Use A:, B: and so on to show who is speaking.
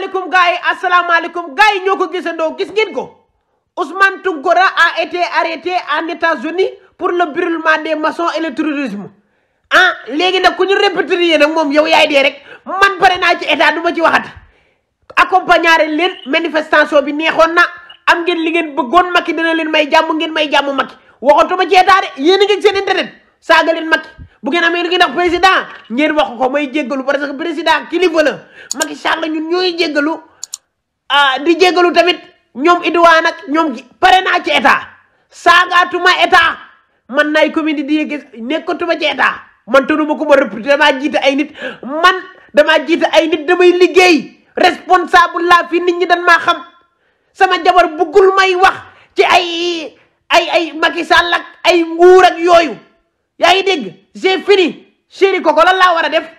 A: asalaamaaleykum gars yi asalaamaaleykum gars yi ñoo ko gisandoo gis ngeen ko Ousmane Tounkara a été arrêté en États-Unis pour le brûlement des maçons et le terrorisme ah léegi nag ku ñu répété nag moom yow yaay dee rek man pare naa ci état du ma ci waxati accompagner leen manifestation bi neexoon na am ngeen li ngeen bëggoon Macky dina leen may jàmm ngeen may jàmm Macky waxatuma ci état de yéen a ngi seen saaga leen Macky bu ngeen amee lu ngeen wax président ngeen wax ko may jéggalu parce que président kilifa la Macky Sall la ñun ñooy jéggalu ah di jéggalu tamit ñoom Idouane nag ñoom pare naa ci état saagaatuma état man nay commune di yëg nekkatuma ci état man tënuma ko ma rëpp damaa jiite ay nit man damaa jiite ay nit damay liggéey responsable la fi nit ñi dañ maa xam sama jabar buggul may wax ci ay ay ay Macky Sall ak ay nguur yooyu ngi dégg j'ai
B: fini chéri koko lan laa war a def